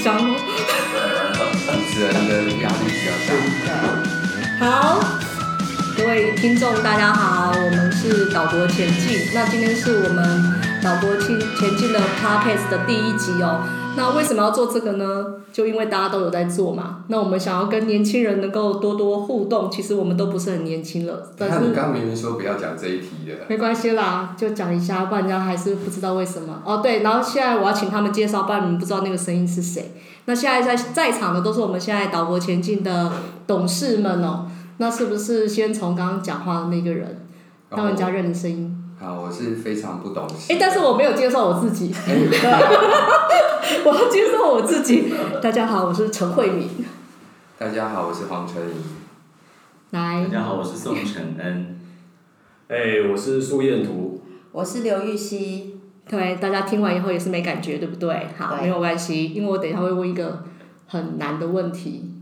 主持人的壓力比較大。好，各位聽眾，大家好，我們是島國前進，那今天是我們島國前前進的 Podcast 的第一集哦。那為什麼要做這個呢？就因為大家都有在做嘛。那我們想要跟年輕人能夠多多互動，其實我們都不是很年輕了。但是你剛剛明明說不要講這一題的。沒關係啦，就講一下，不然人家還是不知道為什麼。哦，對，然後現在我要請他們介紹，不然你們不知道那個聲音是誰。那現在在在場的都是我們現在島國前進的董事們哦、喔。那是不是先從剛剛講話的那個人？讓人家認的聲音。哦啊，我是非常不懂。哎、欸，但是我沒有介紹我自己。 對 我要介紹我自己。大家好，我是陳惠敏。大家好，我是黃丞儀。來，Hi. 大家好，我是宋承恩。哎，Yeah. hey, 我是蘇彥圖。我是劉玉皙。對，大家聽完以後也是沒感覺，對不對？好，對沒有關係，因為我等一下會問一個很難的問題。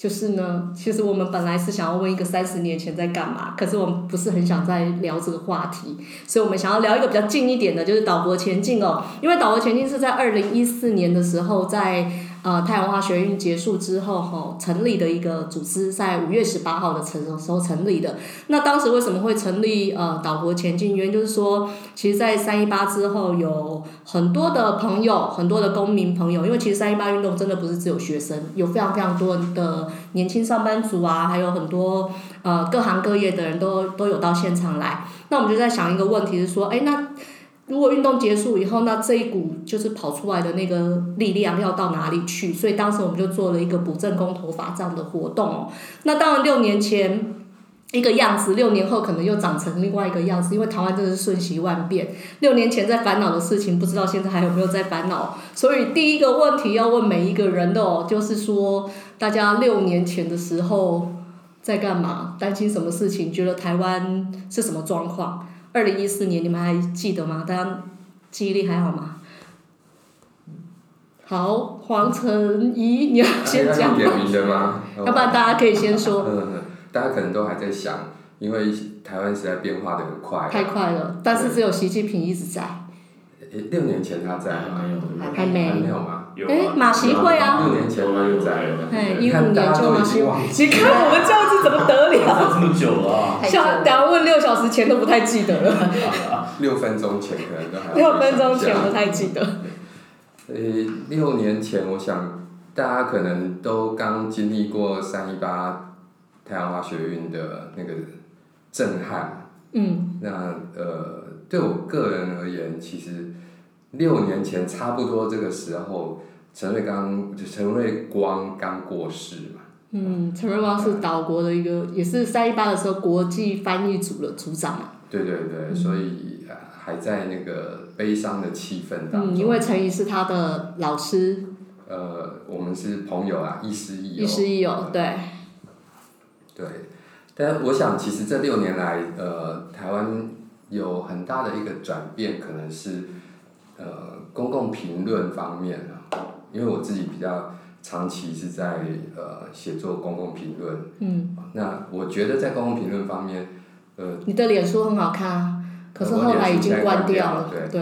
就是呢，其實我們本來是想要問一個三十年前在幹嘛，可是我們不是很想再聊這個話題，所以我們想要聊一個比較近一點的，就是《島國前進》哦，因為《島國前進》是在二零一四年的時候在。呃，太陽花學運結束之後，吼成立的一個組織，在五月十八號的成時候成立的。那當時為什麼會成立呃島國前進？原因就是說，其實，在三一八之後，有很多的朋友，很多的公民朋友，因為其實三一八運動真的不是只有學生，有非常非常多的年輕上班族啊，還有很多呃各行各業的人都都有到現場來。那我們就在想一個問題，就是說，欸，那。如果運動結束以後，那這一股就是跑出來的那個力量要到哪裡去？所以當時我們就做了一個補正公投法這樣的活動、喔。那當然六年前一個樣子，六年後可能又長成另外一個樣子，因為台灣真的是瞬息萬變。六年前在煩惱的事情，不知道現在還有沒有在煩惱。所以第一個問題要問每一個人的、喔，哦，就是說大家六年前的時候在幹嘛？擔心什麼事情？覺得台灣是什麼狀況？二零一四年，你們還記得嗎？大家記憶力還好嗎？好，黃丞儀， 你要先講嗎？， 要不然大家可以先說。 大家可能都還在想，因為台灣時代變化得很快、啊。太快了，但是只有習近平一直在。欸、六年前他在嗎？還,有還沒有，還沒有嗎？哎，馬習會啊！哎，六年前我們又在，一五年就，你看我們這樣子怎麼得了？這麼久了，等下問六小時前都不太記得了。六分鐘前可能都還。六分鐘前不太記得。六年前，我想大家可能都剛經歷過三一八太陽花學運的那個震撼。嗯。那呃，對我個人而言，其實。六年前，差不多這個時候，陳瑞剛，就陳瑞光剛過世嘛。嗯，陳、嗯、瑞光是島國的一個，對也是三一八的時候國際翻譯組的組長嘛、啊。對對對，嗯、所以還在那個悲傷的氣氛當中。嗯、因為陳怡是他的老師。呃，我們是朋友啊，亦師亦。亦師亦友，嗯、對。對，但我想，其實這六年來，呃，台灣有很大的一個轉變，可能是。呃，公共評論方面，因為我自己比較長期是在呃寫作公共評論。嗯。那我覺得在公共評論方面，呃。你的臉書很好看啊，可是後來已經關掉了，對、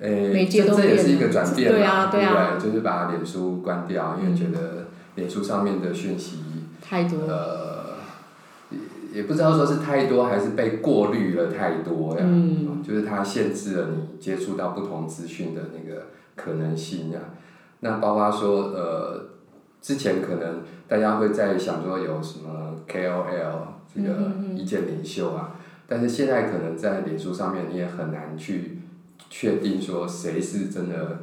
呃。誒、呃。都了這這也是一個轉變嘛？對啊，對啊、對，就是把臉書關掉，因為覺得臉書上面的訊息太多了。呃。也不知道說是太多還是被過濾了太多呀，嗯、就是它限制了你接觸到不同資訊的那個可能性呀、啊。那包括說，呃，之前可能大家會在想說有什麼 KOL 這個意見領袖啊，嗯嗯嗯，但是現在可能在臉書上面你也很難去確定說誰是真的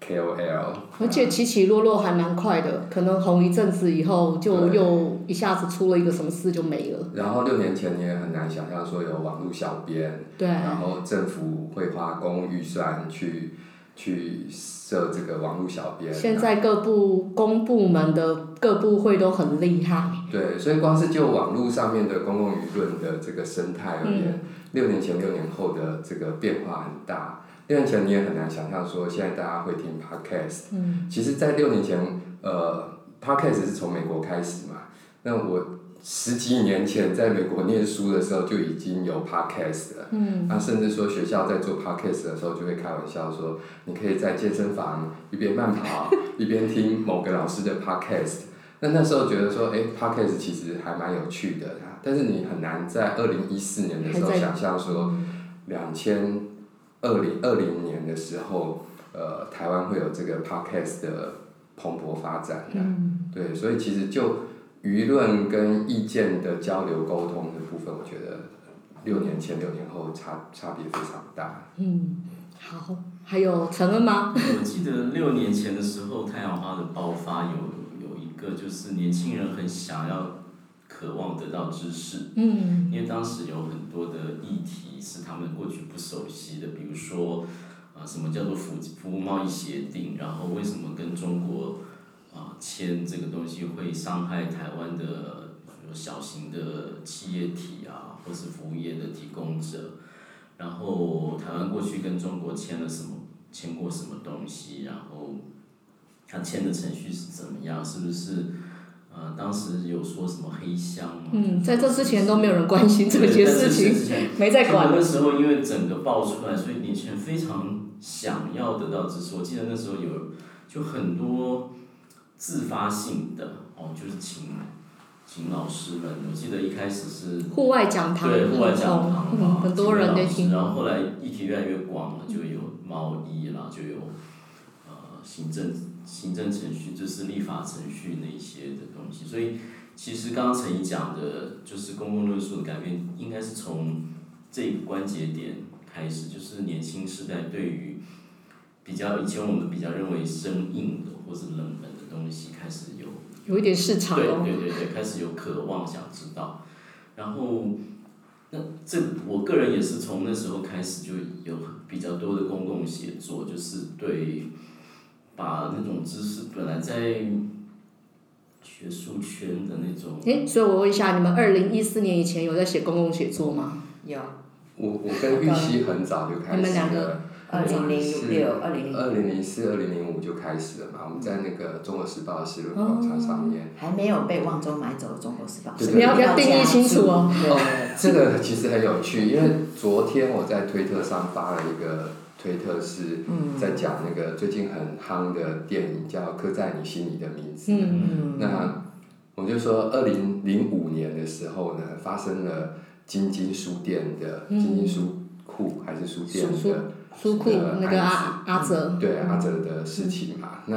KOL。而且起起落落還蠻快的，嗯、可能紅一陣子以後就又。一下子出了一個什麼事就沒了。然後六年前你也很難想象說有網絡小編，對然後政府會花公共預算去去設這個網絡小編。現在各部公部門的各部會都很厲害。對，所以光是就網絡上面的公共輿論的這個生態而言，嗯，六年前六年後的這個變化很大。六年前你也很難想象說現在大家會聽 podcast。嗯。其實，在六年前，呃，podcast 是從美國開始嘛。那我十幾年前在美國念書的時候就已經有 Podcast 了，那、嗯啊、甚至說學校在做 Podcast 的時候就會開玩笑說，你可以在健身房一邊慢跑 一邊聽某個老師的 Podcast。那那時候覺得說，哎、欸、，Podcast 其實還蠻有趣的啊。但是你很難在二零一四年的時候想象說，兩千二零二零年的時候，呃，台灣會有這個 Podcast 的蓬勃發展。的、嗯、對，所以其實就。輿論跟意見的交流溝通的部分，我覺得六年前，六年後差差別非常大。嗯，好，還有承恩嗎？我記得六年前的時候，太陽花的爆發有有一個，就是年輕人很想要、渴望得到知識。嗯。因為當時有很多的議題是他們過去不熟悉的，比如說，呃，什麼叫做服服務貿易協定？然後為什麼跟中國？簽這個東西會傷害台灣的，比如小型的企業體啊，或是服務業的提供者。然後台灣過去跟中國簽了什麼，簽過什麼東西？然後他簽的程序是怎麼樣？是不是呃，當時有說什麼黑箱？嗯，在這之前都沒有人關心這些事情，在沒在管的。那時候因為整個爆出來，所以李晨非常想要得到支持。我記得那時候有，就很多。自發性的哦，就是請，請老師們。我記得一開始是戶外講堂，對戶外講堂很多人聽。然後後來議題越來越廣了，就有貿易，嗯、然後就有，呃，行政、行政程序，就是立法程序那些的東西。所以，其實剛剛丞儀講的，就是公共論述的改變，應該是從這個關節點開始，就是年輕時代對於比較以前我們比較認為生硬的或是冷門。東西開始有有一點市場、哦，對對對對，開始有渴望想知道。然後，那這我個人也是從那時候開始就有比較多的公共寫作，就是對把那種知識本來在學術圈的那種。誒，所以我問一下，你們二零一四年以前有在寫公共寫作嗎？嗯、有。我我跟玉皙很早就開始的。嗯你們兩個二零零四、二零零四、二零零五就開始了嘛？嗯、我們在那個《中國時報》的時論廣場上面，嗯，還沒有被旺中買走《中國時報》。你要不要定義清楚哦？對對對對哦。這個其實很有趣，對對對對，因為昨天我在推特上發了一個推特，是，在講那個最近很夯的電影叫《刻在你心裡的名字》，嗯。那我們就說，二零零五年的時候呢，發生了晶晶書店的晶晶書庫還是書店的，嗯。書書蘇庫、呃、那個阿案子、啊、阿哲，對阿哲的事情嘛，嗯、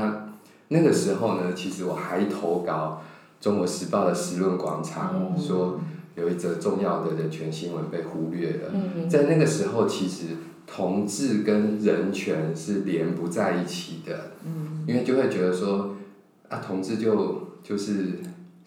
那那個時候呢，其實我還投稿《中國時報》的時論廣場，嗯嗯說有一則重要的人權新聞被忽略了。嗯嗯在那個時候，其實同志跟人權是連不在一起的，嗯嗯因為就會覺得說啊，同志就就是。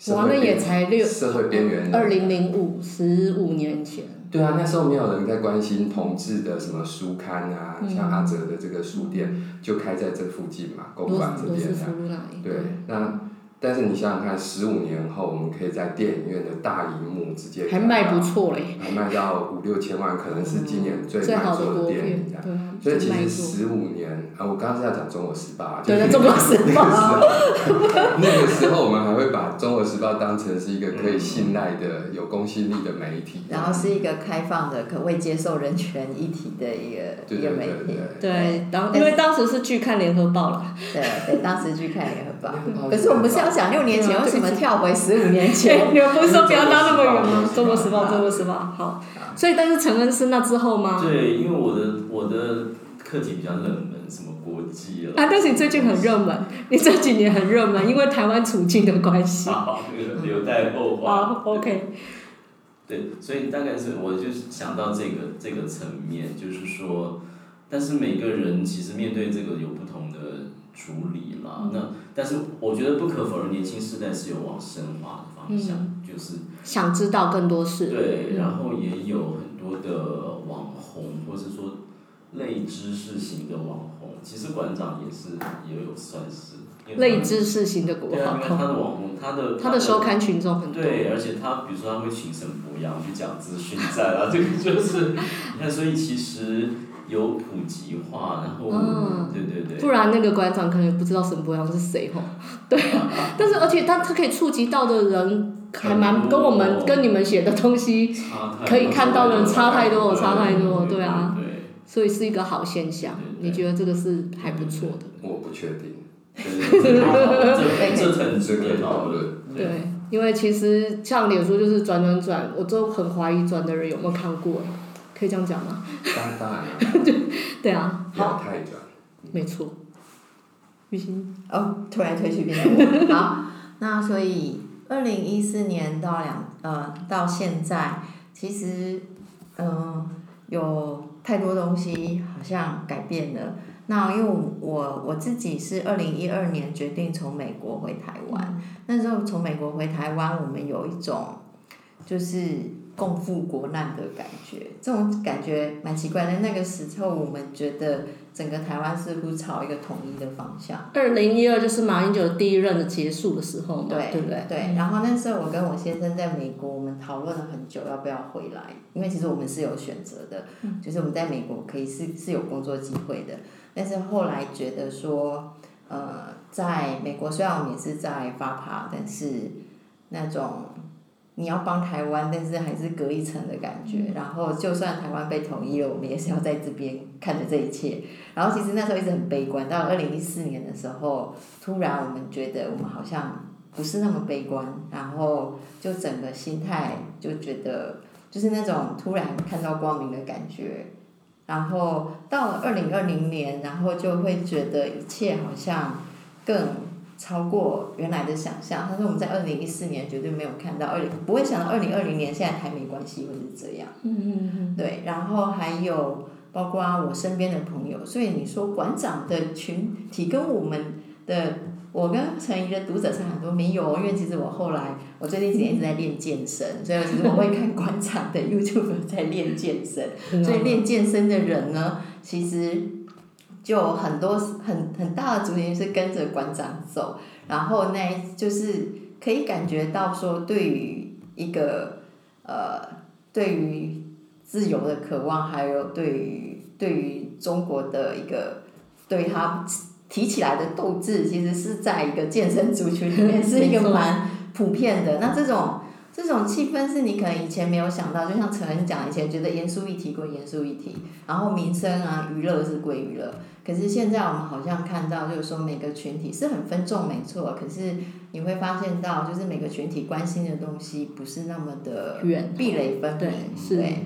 我們也才六。社會邊緣。二零零五、十五年前。對啊，那時候沒有人在關心同志的什麼書刊啊，嗯、像阿哲的這個書店，嗯、就開在這附近嘛，是公館這邊啊，的對，那。但是你想想看，十五年後我們可以在電影院的大熒幕直接還賣不錯嘞，還賣到五六千萬，可能是今年最好的電影。對，所以其實十五年啊，我剛剛是在講《中國時報》，對，《中國時報》那個時候我們還會把《中國時報》當成是一個可以信賴的、有公信力的媒體，然後是一個開放的、可未接受人權議題的一個媒體。對，然後因為當時是去看《聯合報》了，對，對，當時去看《聯合報》，可是我們現在。剛剛講六年前，啊、為什麼跳回十五年前？對 哎、你們不是說不要拉那麼遠嗎？《中國時報》，《中國時報》啊、好。啊、所以，但是承恩是那之後嗎？對，因為我的我的課題比較冷門，什麼國際啊。啊，但是你最近很熱門，是你這幾年很熱門，因為台灣處境的關係。好，好，留待後話。好、啊，OK。對，所以大概是我就想到這個這個層面，就是說，但是每個人其實面對這個有不同的。處理了，那但是我覺得不可否認，年輕世代是有往深化的方向，嗯、就是想知道更多事。對，然後也有很多的網紅，或是說類知識型的網紅，其實館長也是也有算是類知識型的國紅，因為他的網紅，他的他的收看群眾很多，對，而且他比如說他會請沈伯洋去講資訊戰啊， 這個就是看，所以其實。有普及化，哦啊，然後對對，不然那個館長可能不知道沈博陽是誰對啊，但是而且他他可以觸及到的人還蠻跟我們多跟你們寫的東西可以看到的人差太多，啊，差太多，對啊，對對對，所以是一個好現象。對對，你覺得這個是還不錯的？我不確定，這，對，對，對，這對，對，因為其實像臉書就是轉轉轉，我都很懷疑轉的人有沒有看過。可以這樣講嗎？當然當然 對。對啊。好。太沒錯錯。玉皙，哦 ，oh, 突然提起你。好，那所以二零一四年到兩呃到現在，其實嗯、呃、有太多東西好像改變了。那因為我我自己是二零一二年決定從美國回台灣，嗯、那時候從美國回台灣，我們有一種就是。共赴國難的感覺，這種感覺蠻奇怪的。那個時候，我們覺得整個台灣似乎朝一個統一的方向。二零一二就是馬英九第一任的結束的時候嘛，對,對不對？對。然後那時候我跟我先生在美國，我們討論了很久要不要回來，因為其實我們是有選擇的，就是我們在美國可以是是有工作機會的，但是後來覺得說，呃，在美國雖然我們也是在發爬，但是那種。你要幫台灣，但是還是隔一層的感覺。然後，就算台灣被統一了，我們也是要在這邊看着這一切。然後，其實那時候一直很悲觀。到二零一四年的時候，突然我們覺得我們好像不是那麼悲觀。然後，就整個心態就覺得，就是那種突然看到光明的感覺。然後到了二零二零年，然後就會覺得一切好像更。超過原來的想象，但是我們在二零一四年絕對沒有看到二零，不會想到二零二零年現在台美關係會是這樣。嗯對，然後還有包括我身邊的朋友，所以你說館長的群體跟我們的，我跟陳怡的讀者是很多，沒有，因為其實我後來我最近幾年一直在練健身， 所以其實我會看館長的 YouTube 在練健身，所以練健身的人呢，其實。有很多很很大的族群是跟着館長走，然後那就是可以感覺到說，對於一個呃，對於自由的渴望，還有對於對於中國的一個對他提起來的鬥志，其實是在一個健身族群裡面是一個蠻普遍的。沒錯。那這種。這種氣氛是你可能以前沒有想到，就像承恩講，以前覺得嚴肅議題歸嚴肅議題，然後民生啊、娛樂是歸娛樂。可是現在我們好像看到，就是說每個群體是很分眾，沒錯。可是你會發現到，就是每個群體關心的東西不是那麼的壁壘分明，對，是。對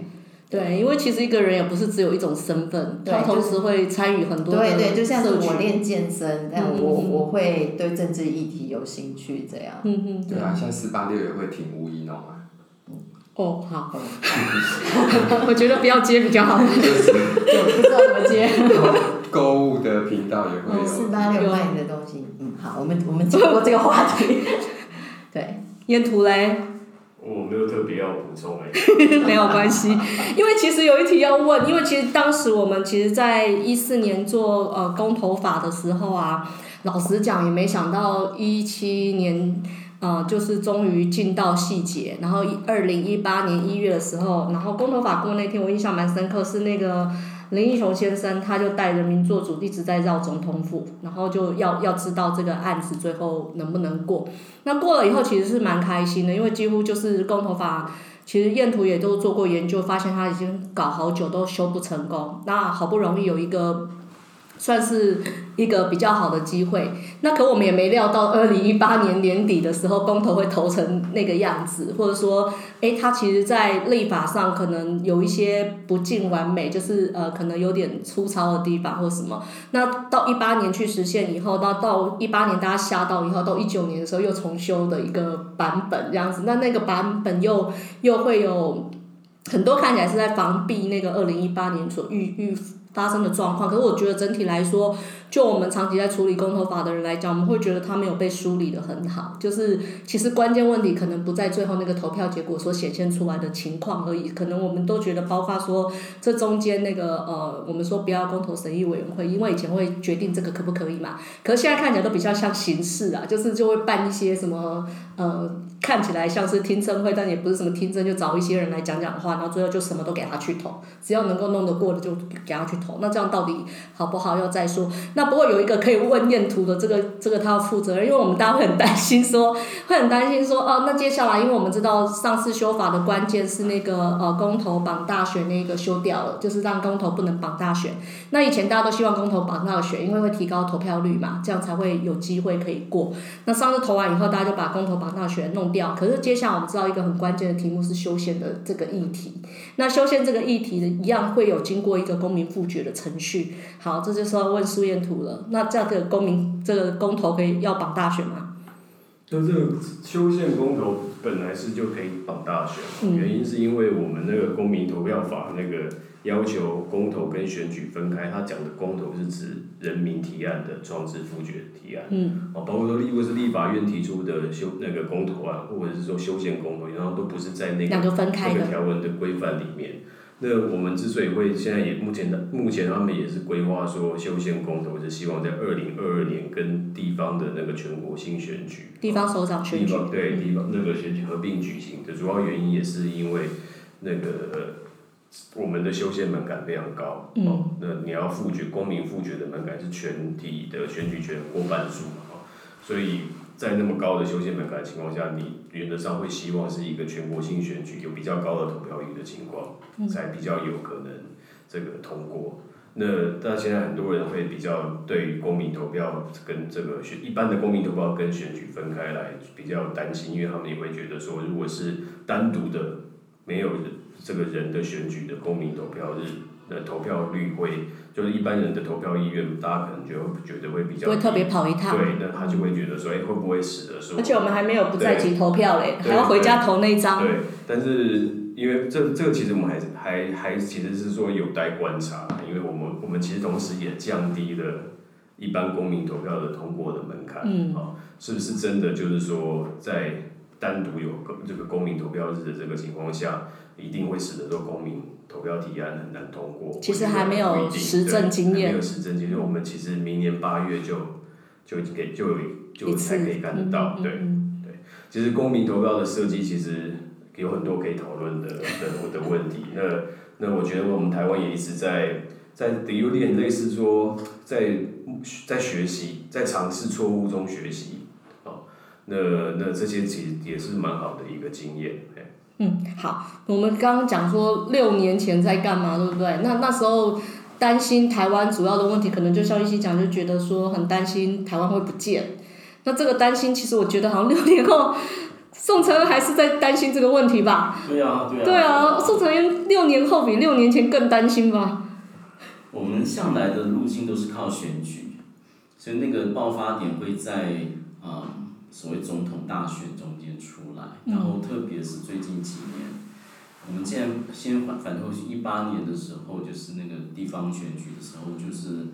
對，因為其實一個人也不是只有一種身份，他同時會參與很多。對對，就像是我練健身，這樣我我會對政治議題有興趣這樣。嗯哼。對啊，像四八六也會挺吳怡農啊。哦，好。我覺得不要接比較好。就是，就不知道怎麼接。購物的頻道也會有四八六賣的東西。嗯，好，我們我們接過這個話題。對，沿途嘞。我沒有特別要補充嘿、欸， 沒有關係，因為其實有一題要問，因為其實當時我們其實在一四年做呃公投法的時候啊，老實講也沒想到一七年，呃就是終於進到細節，然後二零一八年一月的時候，然後公投法過那天我印象蠻深刻，是那個。林義雄先生，他就帶人民做主，一直在繞總統府，然後就要要知道這個案子最後能不能過。那過了以後，其實是蠻開心的，因為幾乎就是公投法，其實彥圖也都做過研究，發現他已經搞好久都修不成功。那好不容易有一個。算是一個比較好的機會，那可我們也沒料到，二零一八年年底的時候，公投會投成那個樣子，或者說，哎、欸，它其實在立法上可能有一些不盡完美，就是呃，可能有點粗糙的地方或什麼。那到一八年去實現以後，那到一八年大家嚇到以後，到一九年的時候又重修的一個版本這樣子，那那個版本又又會有很多看起來是在防避那個二零一八年所遇遇發生的狀況，可是我覺得整體來說。就我們長期在處理公投法的人來講，我們會覺得他沒有被梳理得很好。就是其實關鍵問題可能不在最後那個投票結果所顯現出來的情況而已。可能我們都覺得，包括說這中間那個呃，我們說不要公投審議委員會，因為以前會決定這個可不可以嘛。可是現在看起來都比較像形式啊，就是就會辦一些什麼呃，看起來像是聽證會，但也不是什麼聽證，就找一些人來講講話，然後最後就什麼都給他去投，只要能夠弄得過的就給他去投。那這樣到底好不好要再說那。不過有一個可以問彥圖的，這個這個他要負責，因為我們大家會很擔心說，說會很擔心說，哦，那接下來，因為我們知道上次修法的關鍵是那個呃公投綁大選那個修掉了，就是讓公投不能綁大選。那以前大家都希望公投綁大選，因為會提高投票率嘛，這樣才會有機會可以過。那上次投完以後，大家就把公投綁大選弄掉。可是接下來我們知道一個很關鍵的題目是修憲的這個議題。那修憲這個議題一樣會有經過一個公民複決的程序。好，這就是要問蘇彥圖。那這樣，這個公民這個公投可以要綁大選嗎？那這個修憲公投本來是就可以綁大選。嗯，原因是因為我們那個公民投票法那個要求公投跟選舉分開，他講的公投是指人民提案的創制、復決提案，嗯，包括說例如是立法院提出的修那個公投案，或者是說修憲公投，然後都不是在那個那那個條文的規範裡面。那我們之所以會現在也目前的目前他們也是規劃說，修憲公投是希望在二零二二年跟地方的那個全國性選舉、地方首長選舉、地方對地方那個選舉合併舉行的主要原因也是因為那個我們的修憲門檻非常高，哦、嗯，那你要複決公民複決的門檻是全體的選舉權過半數嘛，所以。在那麼高的修憲門檻情況下，你原則上會希望是一個全國性選舉，有比較高的投票率的情況，才比較有可能這個通過。那但現在很多人會比較對公民投票跟這個選一般的公民投票跟選舉分開來比較擔心，因為他們也會覺得說，如果是單獨的沒有這個人的選舉的公民投票日。的投票率會，就是一般人的投票意願，大家可能就覺得會比較不會特別跑一趟。對，那他就會覺得說，誒、欸，會不會使得是？而且我們還沒有不在籍投票嘞，對還要回家投那張。對，但是因為這這個其實我們還還還其實是說有待觀察，因為我們我們其實同時也降低了一般公民投票的通過的門檻。嗯。啊、哦，是不是真的就是說，在單獨有個這個公民投票日的這個情況下，一定會使得說公民？投票提案很難通過，其實還沒有實證經驗，沒有實證經驗。對經驗我們其實明年八月就就給就就才可以看得到，次對嗯嗯對。其實公民投票的設計其實有很多可以討論的的 的問題。那那我覺得我們台灣也一直在在有一點類似說在在學習，在嘗試錯誤中學習、哦、那那這些其實也是蠻好的一個經驗。嗯，好，我們剛剛講說六年前在幹嘛，對不對？那那時候擔心台灣主要的問題，可能就像玉皙講，就覺得說很擔心台灣會不見。那這個擔心，其實我覺得好像六年後，宋承恩還是在擔心這個問題吧？對啊，對啊，對啊，對啊，宋承恩六年後比六年前更擔心吧？我們向來的路徑都是靠選舉，所以那個爆發點會在啊。呃所謂總統大選中間出來，然後特別是最近幾年，嗯、我們見先反反正是一八年的時候，就是那個地方選舉的時候，就是，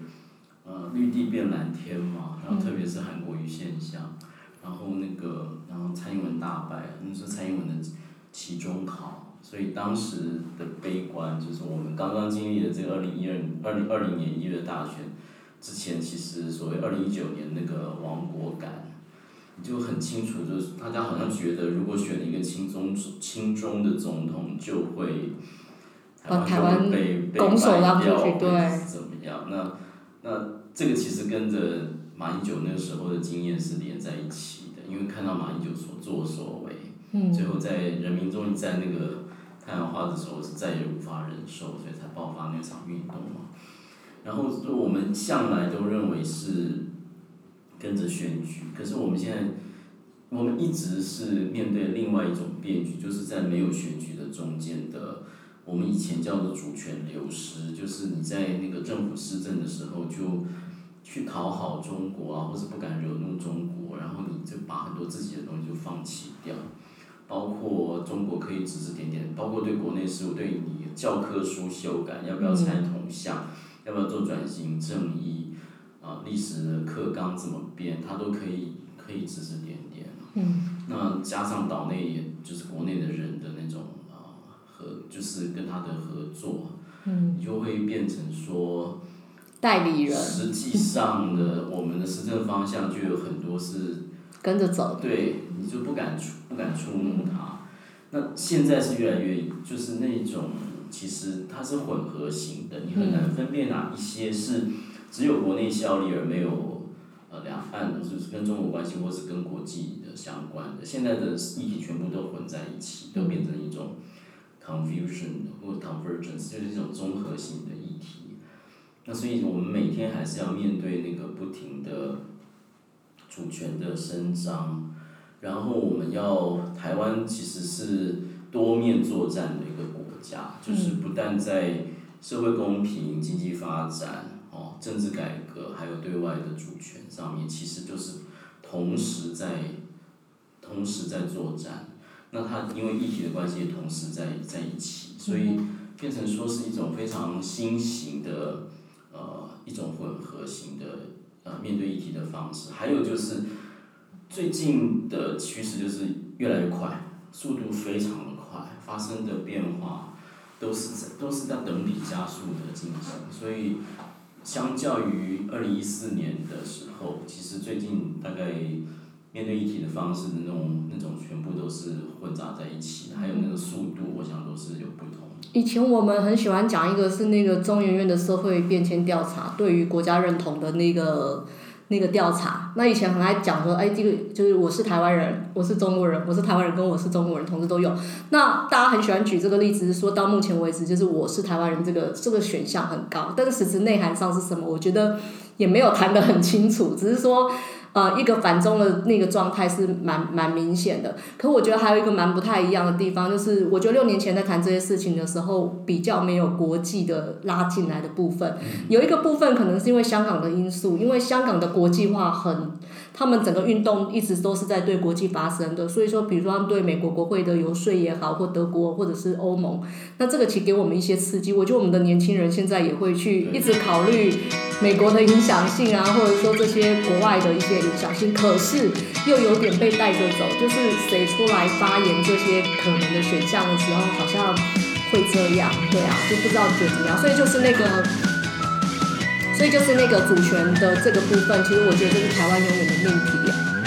呃，綠地變藍天嘛，然後特別是韓國瑜現象，嗯、然後那個，然後蔡英文大敗，那、嗯、是蔡英文的期中考，所以當時的悲觀就是我們剛剛經歷的這二零一二二零二零年一月大選，之前其實所謂二零一九年那個亡國感。就很清楚，就是大家好像覺得，如果選一個親中、親中的總統，就會台灣們被被拉掉、哦，對，是怎麼樣？那那這個其實跟着馬英九那時候的經驗是連在一起的，因為看到馬英九所作所為，嗯，最後在人民終於在那個太陽花的時候是再也無法忍受，所以才爆發那場運動嘛。然後我們向來都認為是。跟着選舉，可是我們現在，我們一直是面對另外一種變局，就是在沒有選舉的中間的，我們以前叫做主權流失，就是你在那個政府施政的時候就去討好中國啊，或者不敢惹怒中國，然後你就把很多自己的東西就放棄掉，包括中國可以指指點點，包括對國內事務對你教科書修改，要不要拆銅像，要不要做轉型正義。歷史的課綱怎麼編，他都可以可以指指點點。嗯，那加上島內也就是國內的人的那種啊合、呃，就是跟他的合作，嗯，你就會變成說代理人。實際上的，嗯、我們的施政方向就有很多是跟着走。對，你就不敢觸不敢觸怒他。那現在是越來越就是那種，其實它是混合型的，你很難分辨哪一些是。嗯只有國內效力，而沒有呃兩岸的、就是跟中國關係或是跟國際的相關的現在的議題全部都混在一起，都變成一種 confusion 或 convergence，就是一種綜合性的議題。那所以我們每天還是要面對那個不停的主權的伸張，然後我們要台灣其實是多面作戰的一個國家，就是不但在社會公平、經濟發展。政治改革還有對外的主權上面，其實就是同時在同時在作戰。那它因為議題的關係，也同時在在一起，所以變成說是一種非常新型的呃一種混合型的呃面對議題的方式。還有就是最近的趨勢就是越來越快，速度非常快，發生的變化都是在都是在等比加速的進行，所以。相較於二零一四年的時候，其實最近大概面對議題的方式的那種那種全部都是混雜在一起，還有那個速度，我想都是有不同的。以前我們很喜歡講一個是那個中研院的社會變遷調查，對於國家認同的那個。那個調查，那以前很愛講說，哎、欸，這個就是我是台灣人，我是中國人，我是台灣人跟我是中國人同時都有。那大家很喜歡舉這個例子，就是，說到目前為止，就是我是台灣人這個這個選項很高，但是實質內涵上是什麼，我覺得也沒有談得很清楚，只是說。呃，一個反中的那個狀態是蠻蠻明顯的，可我覺得還有一個蠻不太一樣的地方，就是我覺得六年前在談這些事情的時候，比較沒有國際的拉進來的部分。有一個部分可能是因為香港的因素，因為香港的國際化很，他們整個運動一直都是在對國際發生的，所以說比如說他們對美國國會的游說也好，或德國或者是歐盟，那這個其實給我們一些刺激。我覺得我們的年輕人現在也會去一直考慮。美國的影響性啊，或者說這些國外的一些影響性，可是又有點被帶着走。就是誰出來發言，這些可能的選項的時候，好像會這樣，對啊，就不知道覺得怎麼樣。所以就是那個，所以就是那個主權的這個部分，其實我覺得就是台灣永遠的命題啊。